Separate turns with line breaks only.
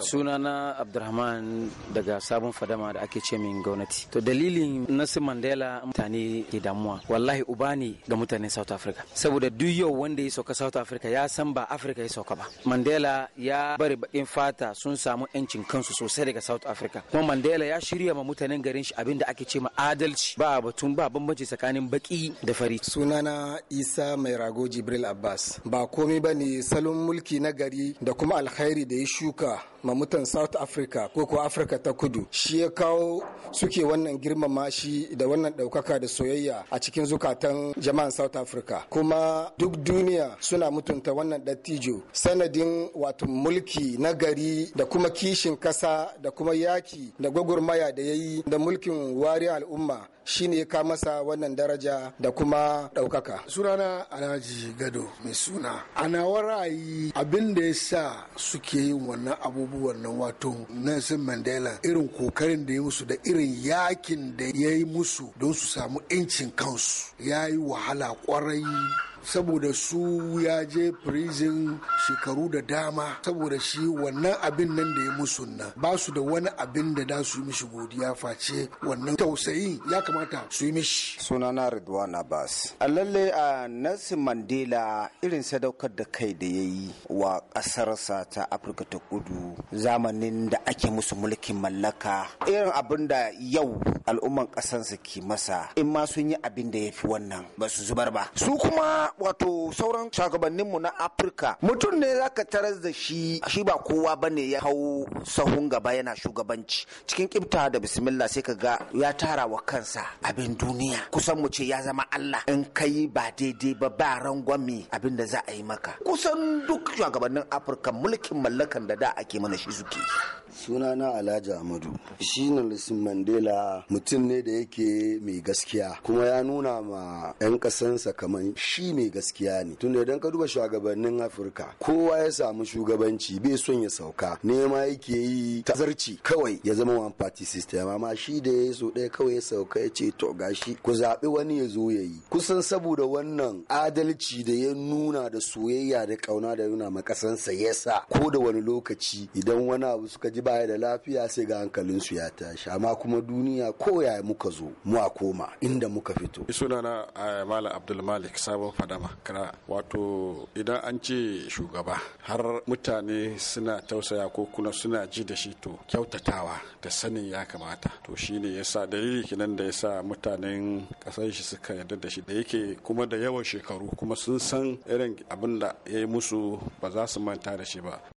sunana abdurrahman daga sabon fadama da ake ce min gwamnati to dalilin nasu mandela mutane ke damuwa wallahi uba ne ga mutane south africa saboda duk yau wanda ya sauka south africa ya san ba africa ya sauka ba mandela ya bari bakin fata sun samu yancin kansu sosai daga south africa kuma mandela ya shirya ma mutanen garin shi abin da ake ce ma adalci ba batun ba bambanci tsakanin baki da fari sunana isa mai rago jibril
abbas ba komai ba ne salon mulki na gari da kuma alkhairi da ya shuka ma mutan South Africa ko ko Africa ta kudu shi ya kawo suke wannan girmama shi da wannan ɗaukaka da soyayya a cikin zukatan jama'an South Africa kuma duk duniya suna mutunta wannan dattijo sanadin wato mulki na gari da kuma kishin kasa da kuma yaki da gwagwarmaya da ya yi da mulkin wari al'umma shine ne ka masa wannan daraja da kuma ɗaukaka.
Sunana Alhaji Gado mai suna. A nawa ra'ayi abin da ya sa suke yin wannan abubuwa abubuwan nan wato Nelson Mandela irin kokarin da ya musu da irin yakin da ya yi musu don su samu 'yancin kansu ya yi wahala kwarai saboda su ya je prison shekaru da dama saboda shi wannan abin nan da ya musu nan ba su da wani abin da da su yi mishi godiya face wannan tausayi
ya kamata su yi mishi sunana Ridwan bas. a lalle a Nelson Mandela irin sadaukar da kai da ya yi wa ƙasarsa ta Afirka ta Kudu zamanin da ake musu mulkin mallaka irin abin da yau al'umman ƙasarsa ke masa in ma sun yi abin da ya fi wannan ba su zubar ba su kuma wato sauran shugabanninmu na afirka mutum ne zaka tarar da shi shi ba kowa bane ya hau sahun gaba yana shugabanci cikin kibta da bismillah sai ka ga ya tara wa kansa abin duniya kusan mu ce ya zama allah in kai ba daidai ba ba rangwami abin da za a yi maka kusan duk shugabannin afirka mulkin mallakan da da ake mana shi suke
sunana alhaji amadu shi nelson mandela mutum ne da yake mai gaskiya kuma ya nuna ma 'yan kasansa kamar shi mai gaskiya ne tun idan ka duba shugabannin afirka kowa ya samu shugabanci bai son ya sauka nema yake yi tazarci kawai ya zama one party system amma shi da ya so ɗaya kawai ya sauka ya ce to gashi ku zaɓi wani ya zo ya yi kusan saboda wannan adalci da ya nuna da soyayya da ƙauna da nuna ma ƙasansa ya sa ko da wani lokaci idan wani abu suka ji ji baya da lafiya sai ga su ya tashi amma kuma duniya ko ya muka zo mu a koma inda muka fito
sunana eh, malam abdulmalik sabon fadama kana wato idan an ce shugaba har mutane suna tausaya ko kuna suna ji da shi to kyautatawa da sanin ya kamata to shine yasa dalili kinan da yasa mutanen kasar shi suka yarda da shi da yake kuma da yawan shekaru kuma sun san irin abin da ya yi musu ba za su manta da shi ba